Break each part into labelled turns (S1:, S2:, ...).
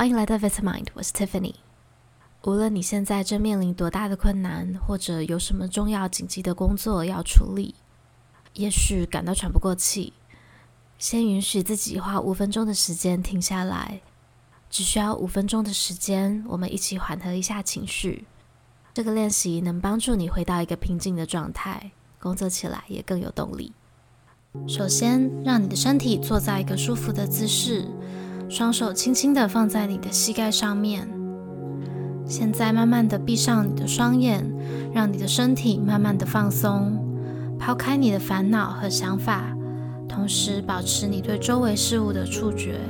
S1: 歡迎來到 Vitamin，我是 Tiffany。無論你現在正面臨多大的困難，或者有什麼重要緊急的工作要處理，也許感到喘不過氣，先允許自己花五分鐘的時間停下來，只需要五分鐘的時間，我們一起緩和一下情緒。這個練習能幫助你回到一個平靜的狀態，工作起來也更有動力。首先，讓你的身體坐在一個舒服的姿勢。雙手輕輕地放在你的膝蓋上面。現在，慢慢的閉上你的雙眼，讓你的身體慢慢的放鬆，拋開你的煩惱和想法，同時保持你對周圍事物的觸覺。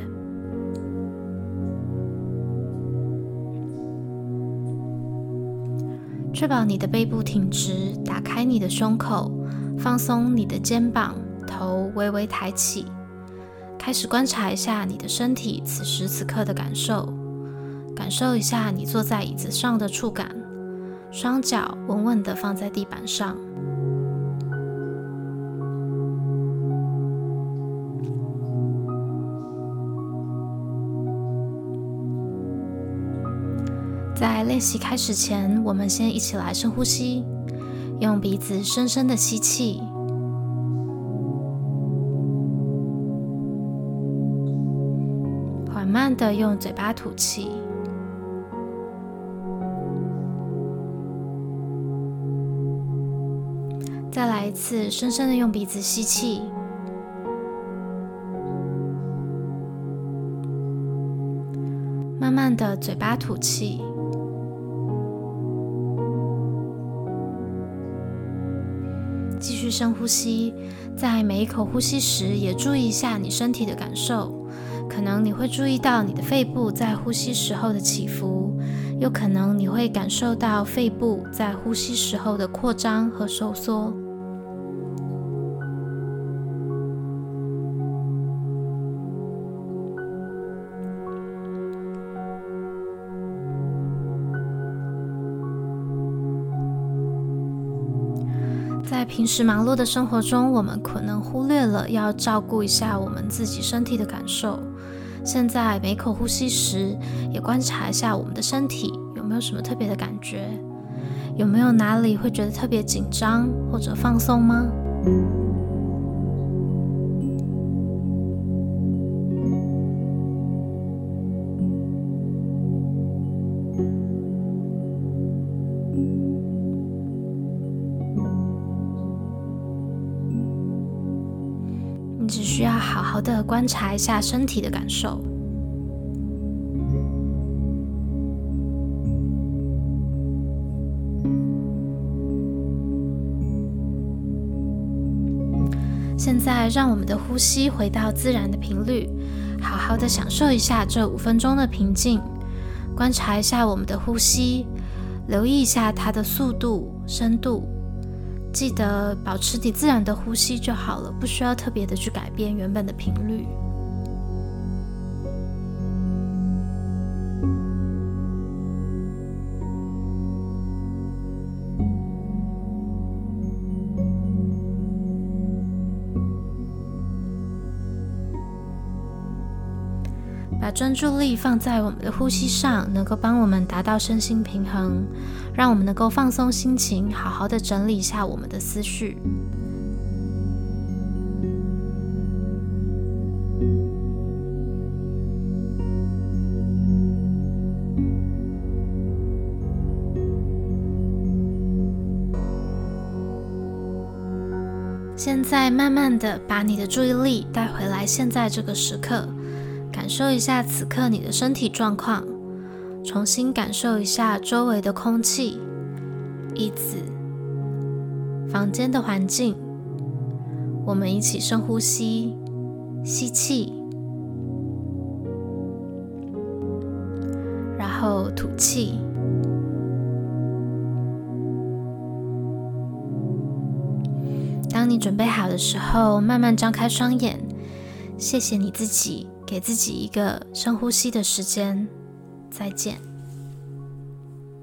S1: 確保你的背部挺直，打開你的胸口，放鬆你的肩膀，頭微微抬起。開始觀察一下你的身體此時此刻的感受，感受一下你坐在椅子上的觸感，雙腳穩穩的放在地板上。在練習開始前，我們先一起來深呼吸，用鼻子深深的吸氣。慢慢的用嘴巴吐氣，再來一次，深深的用鼻子吸氣，慢慢的嘴巴吐氣，繼續深呼吸，在每一口呼吸時，也注意一下你身體的感受。可能你會注意到你的肺部在呼吸時候的起伏，又可能你會感受到肺部在呼吸時候的擴張和收縮。在平時忙碌的生活中，我們可能忽略了要照顧一下我們自己身體的感受。現在每口呼吸時，也觀察一下我們的身體有沒有什麼特別的感覺，有沒有哪裡會覺得特別緊張或者放鬆嗎？只需要好好的觀察一下身體的感受。現在，讓我們的呼吸回到自然的頻率，好好的享受一下這五分鐘的平靜，觀察一下我們的呼吸，留意一下它的速度、深度。記得保持你自然的呼吸就好了，不需要特別的去改變原本的頻率。把專注力放在我們的呼吸上，能夠幫我們達到身心平衡，讓我們能夠放鬆心情，好好的整理一下我們的思緒。現在，慢慢的把你的注意力帶回來，現在這個時刻。感受一下此刻你的身體狀況，重新感受一下周圍的空氣、椅子、房間的環境。我們一起深呼吸，吸氣，然後吐氣。當你準備好的時候，慢慢張開雙眼。謝謝你自己。給自己一個深呼吸的時間，再見。